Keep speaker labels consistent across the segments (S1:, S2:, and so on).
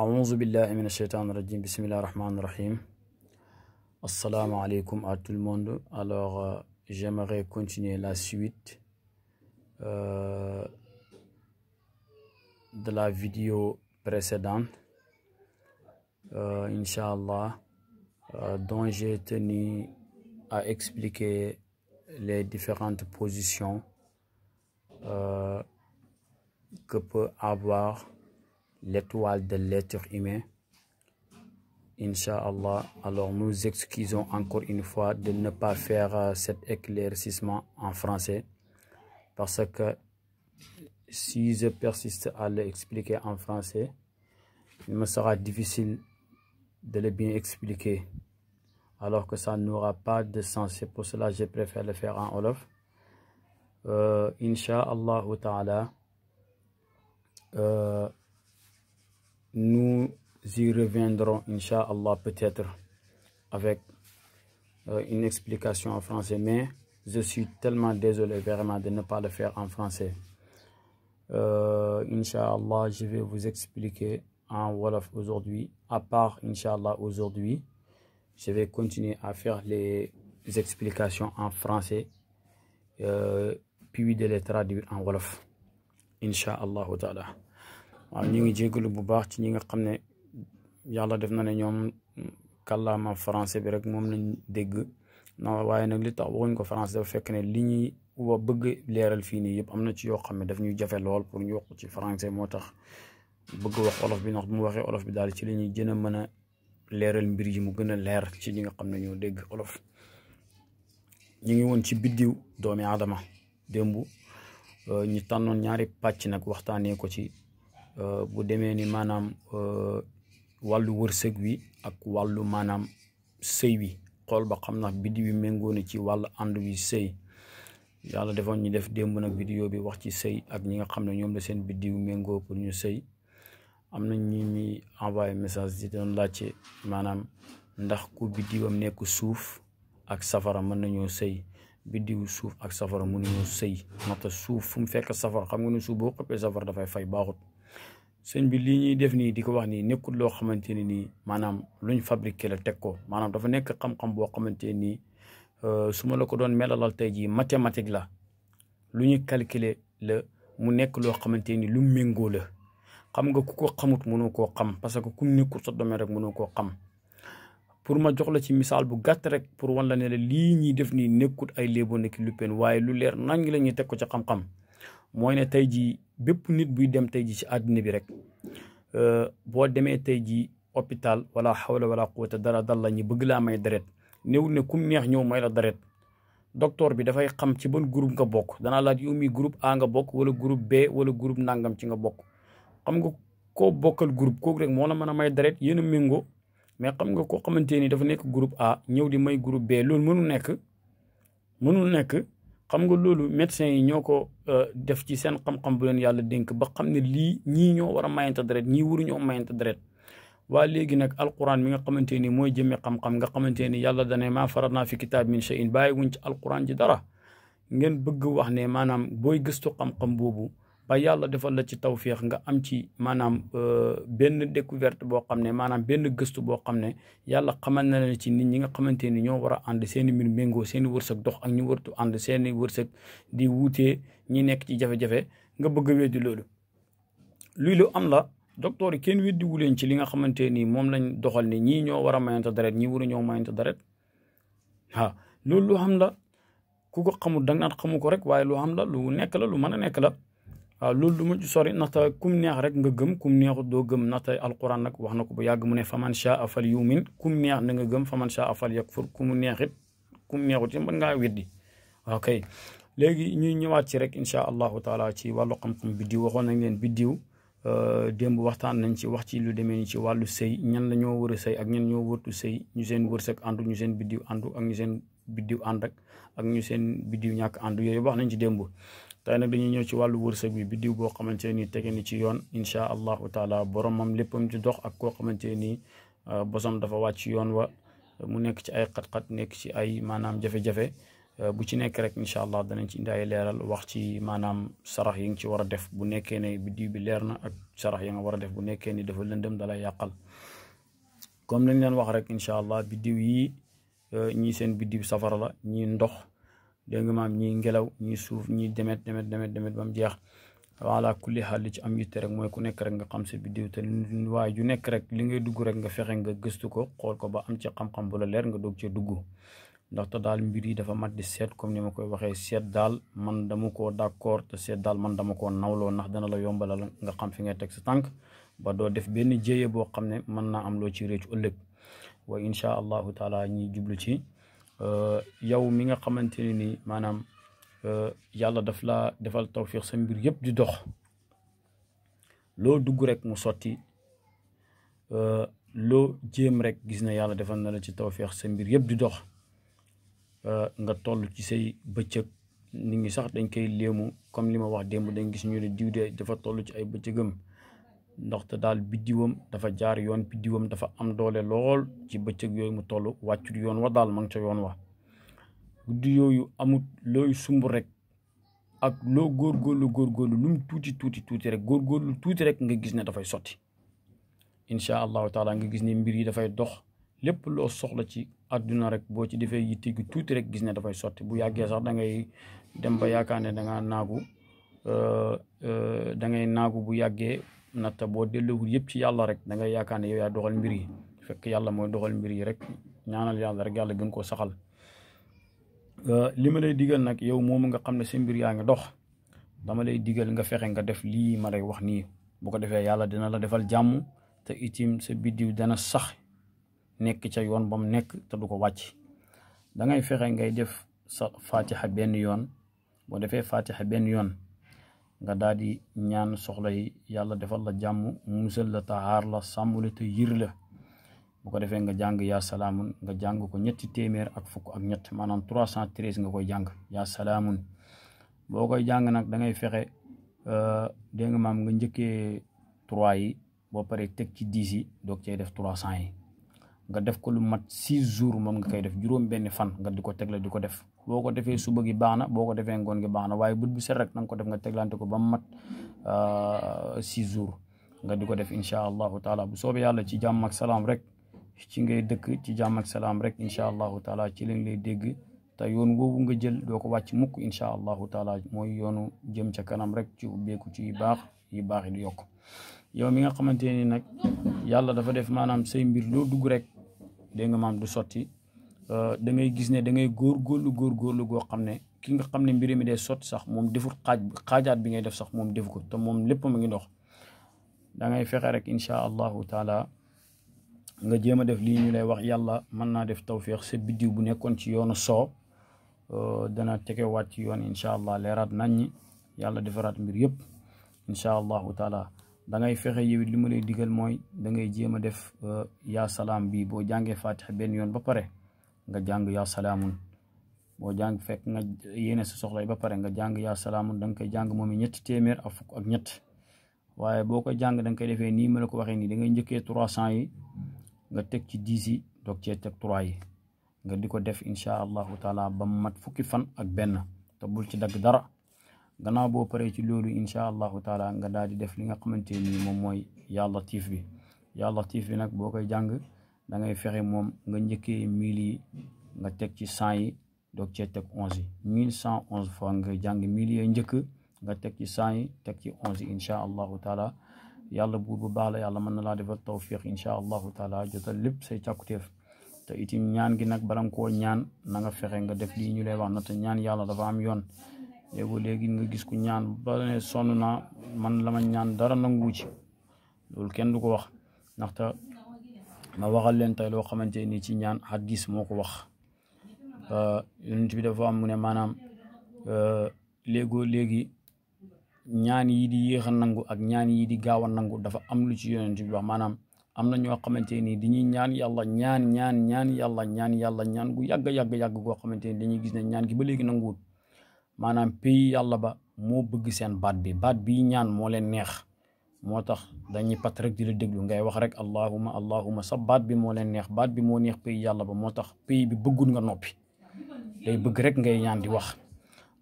S1: à tout le monde. Alors, euh, j'aimerais continuer la suite euh, de la vidéo précédente, euh, Inch'Allah, euh, dont j'ai tenu à expliquer les différentes positions que peut avoir l'étoile de l'être humain. Inch'Allah, alors nous excusons encore une fois de ne pas faire euh, cet éclaircissement en français parce que si je persiste à l'expliquer en français, il me sera difficile de le bien expliquer alors que ça n'aura pas de sens. C'est pour cela que je préfère le faire en Olof. Euh, Inch'Allah euh, nous y reviendrons, Inch'Allah, peut-être avec euh, une explication en français. Mais je suis tellement désolé vraiment de ne pas le faire en français. Euh, Inch'Allah, je vais vous expliquer en Wolof aujourd'hui. À part, Inch'Allah, aujourd'hui, je vais continuer à faire les explications en français, euh, puis de les traduire en Wolof. Inch'Allah. waaw ñu ngi jégalu bu baax ci ñi nga xam ne yàlla def na ne ñoom kàllaama français bi rek moom lañ dégg non waaye nag li tax waxuñ ko français dafa fekk ne li ñuy wa bëgg leeral fii nii yëpp am na ci yoo xam ne daf ñuy jafe lool pour ñu wax ci français moo tax bëgg wax olof bi ndax bu mu waxee olof bi daal ci la ñuy gën a mën a leeral mbir yi mu gën a leer ci ñi nga xam ne ñoo dégg olof ñu ngi woon ci biddiw doomi aadama démb ñi tànnoon ñaari pàcc nag waxtaanee ko ci Euh, bu demee ni maanaam euh, wàllu wërsëg wi ak wàllu maanaam sëy wi xool ba xam na biddiw wi méngoo na ci wàllu ànd wi sëy yàlla defoon ñu def démb nag vidéo bi wax ci sëy ak ñi nga xam ne ñoom la seen biddiw méngoo pour ñu sëy am na ñi ñuy envoyé message di doon laajte maanaam ndax ku biddiwam nekk suuf ak safara mën nañoo sëy biddiwu suuf ak safara mënuñoo sëy ndaxte suuf fu mu fekk safara xam nga ne suuf boo xëppee safara dafay fay baaxut sëñ bi lii ñuy def nii di ko wax nii nekkul loo xamante ne nii maanaam luñ fabriqué la teg ko maanaam dafa nekk xam-xam boo xamante ne nii euh, su ma la ko doon melalal tey jii mathématique la lu ñu calculer la mu nekk loo xamante ni lu méngoo la xam nga ku ko xamut mënoo koo xam parce que ku nekkul sa domaine rek mënoo koo xam pour ma jox la ci misaal bu gàtt rek pour wan la ne la lii ñuy def nii nekkut ay léebo nekk lu pen waaye lu leer nañ la ñuy teg ko ci xam-xam. mooy ne tey jii bépp nit buy dem tey jii si àddina bi rek euh, boo demee tey jii hôpital wala xawla wala quwata dara dal la ñu bëgg laa may deret néew ne kum neex ñëw may la deret docteur bi dafay xam ci ban groupe nga bokk dana laaj yow mii groupe A nga bokk wala groupe B wala groupe nangam ci nga bokk xam nga koo bokkal groupe kooku rek moo la mën a may deret yéen a méngoo mais xam nga koo xamante ni dafa nekk groupe A ñëw di may groupe B loolu mënu nekk mënul nekk xam nga loolu médecins yi ñoo ko euh, def ci seen xam-xam bu leen yàlla dénk ba xam ne lii ñii ñoo war a mayante deret ñii waruñoo mayante deret waa léegi nag alquran mi nga xamante ni mooy jëmee xam-xam nga xamante ni yàlla dane maa farat naa fi kitaab min shay'in bàyyi wuñ ci alquran ji dara ngeen bëgg wax ne maanaam booy gëstu xam-xam boobu ba yàlla defal la ci tawféex nga am ci maanaam euh, benn découverte boo xam ne maanaam benn gëstu boo xam ne yàlla xamal na ci nit ñi nga xamante ni ñoo war a ànd seen i mbir méngoo seen i wërsëg dox ak ñu wartu ànd seen wërsëg di wuutee ñi nekk ci jafe-jafe nga bëgg a weddi loolu luy lu am la docteur yi kenn weddi wu leen ci li nga xamante ni moom lañ doxal ne ñii ñoo war a mayante deret ñii waru ñoo mayante deret waaw loolu lu xam la ku ko xamul da nga naan xamu ko rek waaye lu xam la lu nekk la lu mën a nekk la waaw loolu du ma ci sori ndaxte kum neex rek nga gëm kum neexut doo gëm ndaxte alquran nag wax na ko bu yàgg mu ne faman shaa fal yumin kum neex na nga gëm faman shaa fal yakfur kum neexit kum neexut yi mën ngaa weddi ok léegi ñuy ñëwaat ci rek incha allahu taala ci wàllu xam-xam biddiw waxoon nañ leen biddiw euh, démb waxtaan nañ ci wax ci lu demee ni ci wàllu sëy ñan la ñoo war a sëy ak ñan ñoo wërtu sëy ñu seen wërsëg àndu ñu seen biddiw àndu ak ñu seen biddiw ànd ak ak ñu seen biddiw ñàkk àndu yooyu wax nañ ci démb tey nag dañuy ñëw ci wàllu wërsëg bi biddiw boo xamante ni tege ni ci yoon incha allahu taala boromam léppam ci dox ak koo xamante ni euh, bosom dafa wàcc yoon wa mu nekk ci ay xat-xat nekk ci ay maanaam jafe-jafe euh, bu ci nekk rek incha allah danañ ci indi ay leeral wax ci maanaam sarax yi nga ci war a def bu nekkee ne biddiw bi leer na ak sarax yi nga war a def bu nekkee ni dafa lëndëm dalay yàqal comme lañ leen wax rek incha allah biddiw yi euh, ñii seen biddiw safara la ñii ndox dégg nga maam ñii ngelaw ñii suuf ñii demet demet demet demet ba mu jeex voilà kulli xaal li ci am yitte rek mooy ku nekk rek nga xam sa biddiw te waaye ju nekk rek li ngay dugg rek nga fexe nga gëstu ko xool ko ba am ci xam-xam bu la leer nga doog cee dugg ndaxte daal mbir yi dafa mat di seet comme ni ma koy waxee seet daal man damu koo d'accord te seet daal man dama koo nawloo ndax dana la yombalal nga xam fi ngay teg sa tànk ba doo def benn jéye boo xam ne mën naa am loo ci réccu ëllëg waaye incha allahu taala jublu ci Euh, yow mi nga xamante ne ni maanaam euh, yàlla daf la defal tawfiix sa mbir yëpp di dox loo dugg rek mu sotti euh, loo jéem rek gis na yàlla defal na la ci tawfiix sa mbir yëpp di dox nga toll ci say bëccëg nit ñi sax dañ koy léemu comme li ma wax démb dañ gis ñu ne diw de dafa toll ci ay bëccëgam ndaxte daal biddiwam dafa jaar yoon biddiwam dafa am doole lool ci bëccëg yooyu mu toll wàccul yoon wa daal ma nga ca yoon wa guddi yooyu amut looy sumb rek ak loo góor góor lu mu tuuti tuuti tuuti rek góorgóorlu tuuti rek nga gis ne dafay sotti incha allahu taala nga gis ne mbir yi dafay dox lépp loo soxla ci àdduna rek boo ci defee yitte gi tuuti rek gis ne dafay sotti bu yàggee sax da ngay dem ba yaakaar ne da naagu euh, euh, dangay ngay naagu bu yàggee natt boo delloowul yëpp ci yàlla rek dangay ngay yaakaar ne yow yaa doxal mbir yi fekk yàlla mooy doxal mbir yi rek ñaanal yàlla rek yàlla gën koo saxal li ma lay digal nag yow moom nga xam ne sa mbir yaa nga dox dama lay digal nga fexe nga def lii ma lay wax nii boo ko defee yàlla dina la defal jàmm te itim sa biddiw dana sax nekk ca yoon ba mu nekk te du ko wàcc dangay fexe ngay def sa fatiha benn yoon boo defee fatiha benn yoon nga daal di ñaan soxla yi yàlla defal la jàmm musal la taxaar la sàmm la te yir la boo ko defee nga jàng yaa salaamun nga jàng ko ñetti téeméer ak fukk ak ñett maanaam trois cent treize nga koy jàng yaa salaamun boo koy jàng nag da ngay fexe euh, dégg nga maam nga njëkkee trois yi boo paree teg ci dix yi doog cay def trois cent yi nga def ko lu mat six jours moom nga koy def juróom-benn fan nga di ko tegle di ko def boo ko defee suba gi baax na boo ko defee ngoon gi baax na waaye bët bu set rek na nga ko def nga teglante ko ba mu mat euh, six jours nga di ko def incha allahu taala bu soobee yàlla ci jàmm ak salaam rek ci ngay dëkk ci jàmm ak salaam rek incha allahu taala ci lañ lay dégg. te yoon woowu nga jël doo ko wàcc mukk incha allahu taala mooy yoonu jëm ca kanam rek ci ubbeeku ci yu baax yu baax yi du yokk yow mi nga xamante ni nag yàlla dafa def maanaam say mbir loo dugg rek dégg nga maam du euh da ngay gis ne da ngay gor gor lu go xamne ki nga xamne mbiri mi day soti sax mom defu xaj xajat bi ngay def sax mom defu ko te mom lepp mu ngi dox da ngay fexé rek incha allahu taala nga jema a def li ñu lay wax yalla man na def tawfiq sa biddiw bu nekkon ci yoonu soo euh, dana wat ci yoon incha allah leeraat nañ ñi yàlla mbir yep incha taala da ngay fexé yowit li mu lay digal da ngay jema def euh, ya salam bi bo jangé fatixa ben yon ba paré nga jang yaa salamun bo jang fek nga yene sa soxlay ba paré nga jang yaa salamun dang kay jang momi moom témèr afuk ak fukk ak ñett waaye boo kay jàng da nga ko waxé ni da ngay njëkkee 300 yi nga tek ci 10 yi doog ci tek 3 yi nga diko def inshallah taala ba mat fukki fan ak ben te ci dag dara gannaaw boo paree ci loolu incha allahu taala nga daal di def li nga xamante ni moom mooy yaa latiif bi yaa latiif bi nag boo koy jàng da ngay fexe moom nga njëkkee mille nga teg ci cent yi doog cee teg onze yi fois nga jàng mille yi njëkk nga teg ci yi ci taala yàlla buur bu baax yàlla man na laa defal tawfiq incha allahu taala jotal lépp say càkkuteef te itim ñaan gi nak bala koo ñaan na nga fexe nga def lii ñu lay wax na te ñaan yàlla dafa am léegi léegi nga gis ko ñaan ba ne sonn naa man la ma ñaan dara nangu ci loolu kenn du ko wax ndaxte ma waxal leen tey loo xamante ni ci ñaan xadis moo ko wax euh, yonent bi dafa am mu ne maanaam euh, léegoo léegi ñaan yi di yéex a nangu ak ñaan yi di gaaw a dafa am lu ci yonent bi wax maanaam am na ñoo xamante ni dañuy ñaan yàlla ñaan ñaan ñaan yàlla ñaan yàlla ñaan gu yàgg yàgg yàgg goo xamante ni dañuy gis ne ñaan gi ba léegi nanguwul manam pays yalla ba mo bëgg seen baat bi baat bi ñaan mo leen neex motax dañuy pat rek di la déglu ngay wax rek allahumma allahumma sa baat bi mo leen neex baat bi mo neex pays yalla ba motax pays bi bëggul nga nopi day bëgg rek ngay ñaan di wax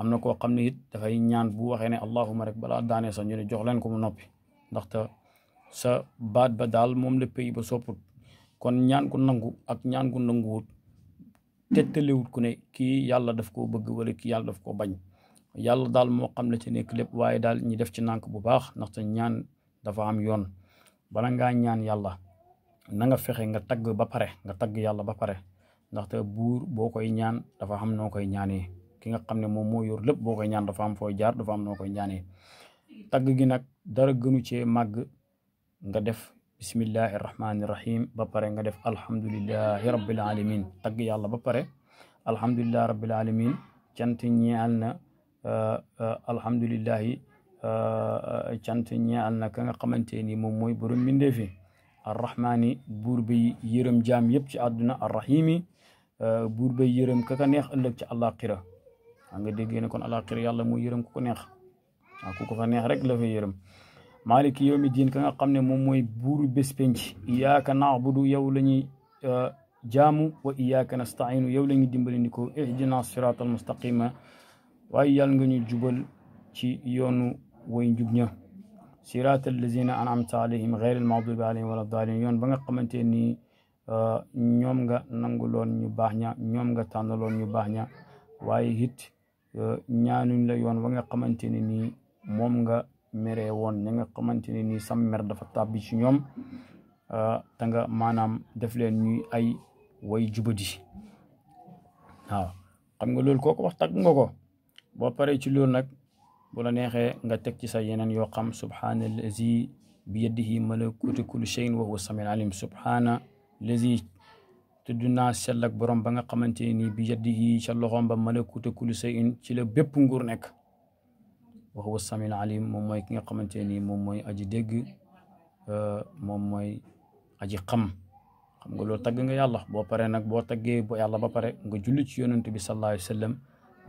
S1: am ko xamni it da fay ñaan bu waxé né allahumma rek bala daanee sa ñu jox leen ko mu ndax ta sa baat ba dal mom le pays ba sopput kon ñaan ku nangu ak ñaan ku wut wut ku ne ki yalla daf koo bëgg wala ki yalla daf koo bañ yalla dal mo xam la ci nek lepp waye dal ñi def ci nank bu baax ndaxte ñaan dafa am yoon bala nga ñaan yalla na nga fexé nga tag ba paré nga tag yalla ba paré ndax buur bur bokoy ñaan dafa xam no koy ñaané ki nga xam ne moom yor lepp bokoy ñaan dafa am foy jaar dafa am no koy ñaané tag gi nak dara gënu ci mag nga def بسم الله الرحمن الرحيم ببر انغدف الحمد لله رب العالمين تق يالله ببر الحمد لله رب العالمين جانت نيالنا الحمد لله جانت نيالنا كان قمنتيني موم موي بروم مندفي الرحمن بوربي يرم جام ييب سي الرحيم بوربي يرم كاكا نيه الله سي الله قرا انغ ديغي نكون الله قرا يالله مو يرم كوكو نيه كوكو فا رك لا يرم maaliki yawmi diin ka nga xam ne moom mooy buuru bés penc iyaaka naabudu yow la ñuy jaamu wa iyaaka nastainu yow la ñuy dimbali ni ko ihdina siraatal mustaqima waaye yàlla nga ñu jubal ci yoonu way njub ña siraatal lazina anamta alayhim gayr al maxdubi alayhim wala daalin yoon ba nga xamante ni ñoom nga nanguloon ñu baax ña ñoom nga tànnaloon ñu baax ña waaye it ñaanuñ la yoon ba nga xamante ne nii moom nga meree woon ña nga xamante ne nii sam mer dafa tàbbi ci ñoom euh, te nga maanaam def leen ñuy ay way jubadi waaw xam nga loolu kooku wax tàgg nga ko boo paree ci loolu nag bu la neexee nga teg ci sa yeneen yoo xam subhaana lazi bi yadihi malakuutu kulli shayin wa huwa samiul alim subhaana lazi tudd naa sell ak borom ba nga xamante ne bi yadihi ca loxoom ba malakuutu kulli shayin ci la bépp nguur nekk وهو السميع العليم موماي كي خمنتيني موماي ادي دغ ا آه، موماي ادي خم خم نقول تاغا يالله بو بري نك بو تاغي بو يالله با بري غا جولي تي يونتبي صلى الله عليه وسلم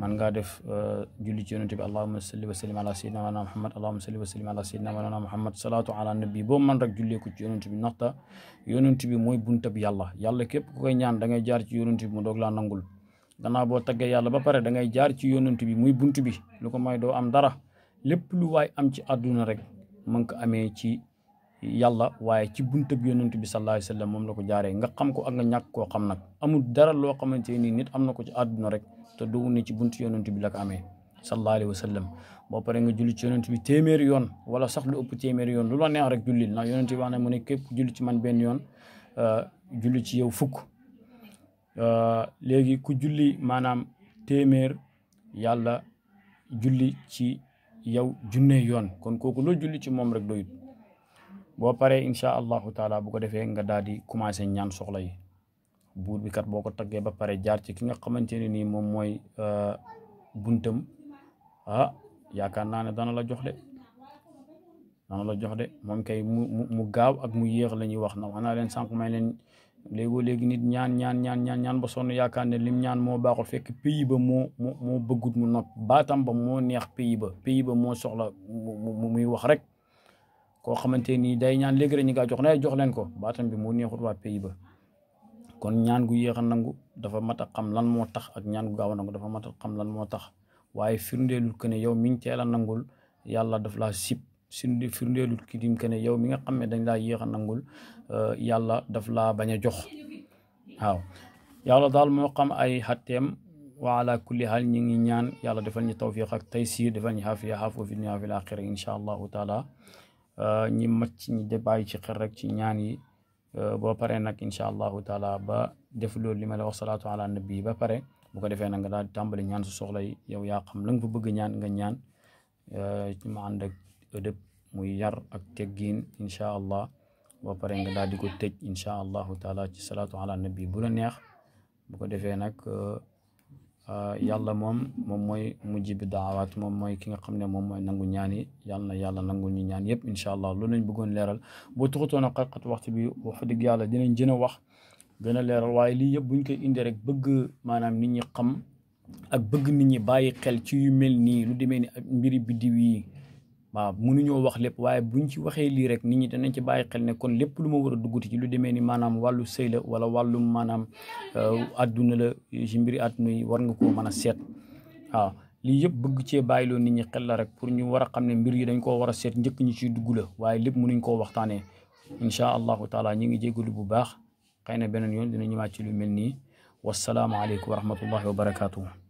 S1: مان غا ديف آه، جولي تي يونتبي اللهم وسلم على سيدنا وانا محمد اللهم صل وسلم على سيدنا وانا محمد صلاه على النبي بو مان رك جولي كو يونتبي نوتا يونتبي موي بونتاب يالله يالله كيب كو نيان داغي جار تي يونتبي مو دوغ لا نانغول ganna bo tagge yalla ba pare da ngay jaar ci yonentou bi muy buntu bi luko may do am dara lépp lu waaye am ci àdduna rek mën ko amee ci yàlla waaye ci buntab yonent bi sallallahu alayhi wasallam moom la ko jaaree nga xam ko am nga ñàkk koo xam nag amul dara loo xamante nii nit am na ko ci àdduna rek te doo ne ci buntu yonent bi la ko amee sallallahu alayhi wasallam boo pare nga julli ci yonent bi téeméeri yoon wala sax lu ëpp téeméeri yoon lu la neex rek julli na yonent bi wax na mu ne képp julli ci man benn yon euh, julli ci yow fukk euh, léegi ku julli maanaam téeméer yàlla julli ci yow junne yoon kon kooku loo julli ci moom rek doyut boo paree incha allahu taala bu ko defee nga daal di commencé ñaan soxla yi buur bi kat boo ko taggee ba pare jaar ci ki nga xamante ne nii moom mooy euh, buntam ah yaakaar naa ne dana la jox de dana la jox de moom kay mu mu gaaw ak mu yéex la ñuy wax na wax leen sànq leen léegoo léegi nit ñaan ñaan ñaan ñaan ñaan ba sonn yaakaar ne ñaan moo baaxul fekk pays ba moo moo moo bëggut mu nopp baatam ba moo neex pays ba pays ba moo soxla mu muy wax rek koo xamante ni day ñaan léegi rek ñi kaa jox na jox leen ko baatam bi moo neexut waa pays ba kon ñaan gu yéex a nangu dafa mat a xam lan moo tax ak ñaan gu gaaw a nangu dafa mat xam lan moo tax waaye firndeelul que ne yow mi ngi teel nangul yàlla daf laa sip sindi firndelu kidim ke ne yow mi nga xamé dañ la yéx nangul yàlla daf la baña jox waw yàlla dal mo xam ay hatem wa ala kulli hal ñi ngi ñaan yàlla defal ñu tawfiq ak taysir defal ñu hafiya hafu fi dunya fi akhirah insha allah taala ñi mat ci ñi debay ci xer rek ci ñaan yi bo paré nak insha allah taala ba def loolu li ma la wax salaatu ala nabi ba pare bu ko defé nak nga daal tàmbali ñaan su soxla yi yow ya xam la nga bëgg ñaan nga ñaan ci ma ànd ak ëdëb muy yar ak teggiin incha allah ba pare nga daal di ko tëj incha allahu taala ci salaatu ala nabi bu la neex bu ko defee nag yàlla moom moom mooy mujji bi daawaat moom mooy ki nga xam ne moom mooy nangu ñaan yi yàlla na yàlla nangu ñu ñaan yëpp incha allah loolu lañ bëggoon leeral boo tuxutoon a xaqat waxtu bi wax dëgg yàlla dinañ gën a wax gën a leeral waaye lii yëpp buñ koy indee rek bëgg maanaam nit ñi xam ak bëgg nit ñi bàyyi xel ci yu mel nii lu demee ni mbiri biddiw yi waaw mënuñoo wax lépp waaye buñ ci waxee lii rek nit ñi danañ ci bàyyi xel ne kon lépp lu ma war a dugguti ci lu demee ni maanaam wàllu sëy wala wàllum maanaam euh, àdduna la ci mbiri àdduna yi war nga ko mën a seet waaw lii yëpp bëgg cee bàyyiloo nit ñi xel la rek pour ñu war a xam ne mbir yi dañ koo war a seet njëkk ñi ciy dugg la waaye lépp mënuñ koo waxtaanee inchaa allahu taala ñi ngi jégalu bu baax xëy na beneen yoon dina ñëwaat ci lu mel nii wasalaamaaleykum wa rahmatullahi wa barakaatu.